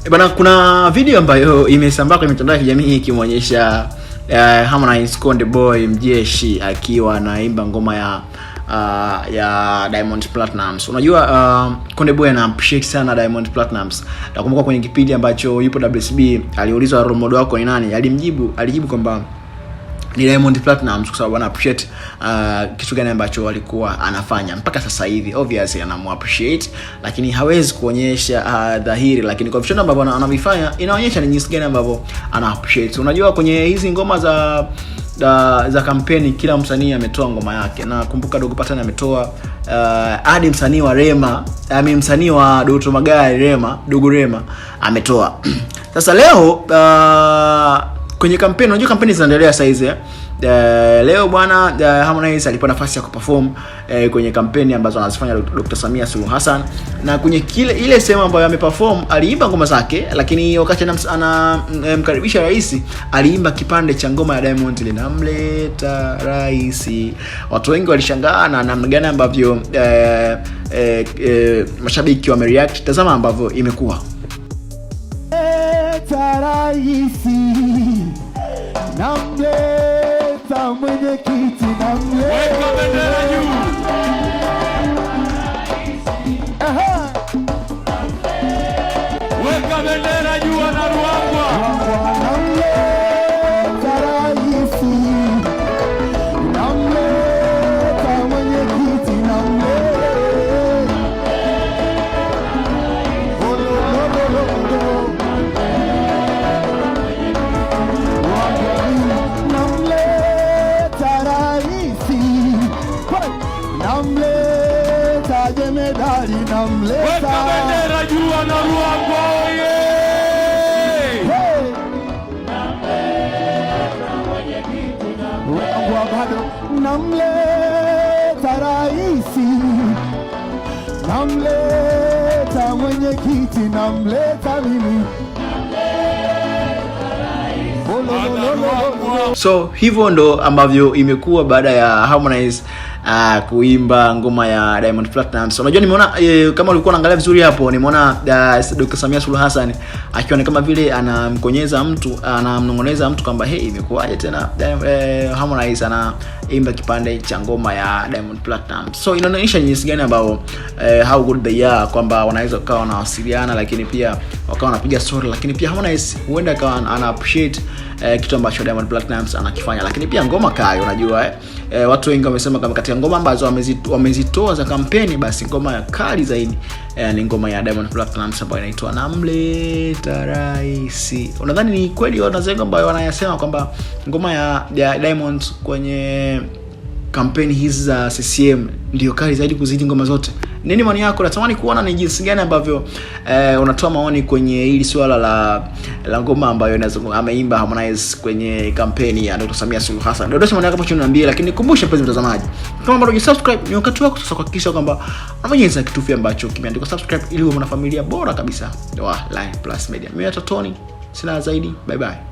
Eh, bana, kuna video ambayo imesambaa kwenye mitandao ya kijamii ikimwonyesha uh, Harmonize Konde Boy mjeshi akiwa anaimba ngoma ya uh, ya Diamond platinums Unajua uh, Konde Boy ana appreciate sana Diamond platinums Nakumbuka kwenye kipindi ambacho yupo WCB aliulizwa role model wako ni nani? Alimjibu alijibu kwamba ni Diamond Platnumz kwa sababu ana appreciate uh, kitu gani ambacho walikuwa anafanya mpaka sasa hivi. Obviously anamu appreciate, lakini hawezi kuonyesha uh, dhahiri, lakini kwa vitendo ambavyo anavifanya inaonyesha ni jinsi gani ambavyo ana appreciate. Unajua kwenye hizi ngoma za da, za kampeni kila msanii ametoa ngoma yake, na kumbuka Dogo Patani ametoa uh, hadi uh, msanii wa Rema ami msanii wa Doto Magari Rema Dogo Rema ametoa sasa leo uh, kwenye kampeni, unajua kampeni zinaendelea sasa hizi eh? Uh, leo bwana uh, Harmonize alipewa nafasi ya kuperform uh, kwenye kampeni ambazo anazifanya Dr. Samia Suluhu Hassan, na kwenye kile ile sehemu ambayo ameperform aliimba ngoma zake, lakini wakati anamkaribisha rais aliimba kipande cha ngoma ya Diamond linamleta rais. Watu wengi walishangaa na namna gani ambavyo uh, uh, uh, mashabiki wamereact. Tazama ambavyo imekuwa leta rais kiti Welcome to namleta bendera juu. Weka bendera juu. namleta, jemedari namleta. Weka bendera juu, anarua kwao bado namleta raisi, namleta mwenyekiti, namleta mimi So hivyo ndo ambavyo imekuwa baada ya Harmonize uh, kuimba ngoma ya Diamond Platinum. So, unajua nimeona eh, kama ulikuwa unaangalia vizuri hapo nimeona uh, Dr. Samia Suluhu Hassan akiwa ni kama vile anamkonyeza mtu anamnong'oneza mtu kwamba hey, imekuwaje tena eh, eh Harmonize ana imba kipande cha ngoma ya Diamond Platinum. So inaonyesha jinsi gani ambao eh, how good they are kwamba wanaweza kuwa wanawasiliana, lakini pia wakawa wanapiga story, lakini pia Harmonize huenda kawa ana appreciate eh, kitu ambacho Diamond Platinum Platnumz anakifanya, lakini pia ngoma kayo unajua eh? eh, watu wengi wamesema kama katika ngoma ambazo wamezitoa wamezi za kampeni, basi ngoma ya kali zaidi eh, ni ngoma ya Diamond Platnumz ambayo inaitwa namleta raisi. Unadhani ni kweli wanazengo ambayo wanayasema kwamba ngoma ya, ya Diamond kwenye kampeni hizi za CCM ndio kali zaidi kuzidi ngoma zote? nini maoni yako? Natamani kuona ni jinsi gani ambavyo eh, unatoa maoni kwenye hili swala la la ngoma ambayo ameimba Harmonize kwenye kampeni ya Dr. Samia Suluhu Hassan. Dondosha maoni yako hapo chini niambie, lakini nikumbushe mpenzi mtazamaji, kama bado hujasubscribe ni wakati wako sasa kuhakikisha kwamba unabonyeza kitufe ambacho kimeandikwa subscribe ili uwe mwanafamilia bora kabisa wa Line Plus Media. Mimi hata Tony sina zaidi, bye bye.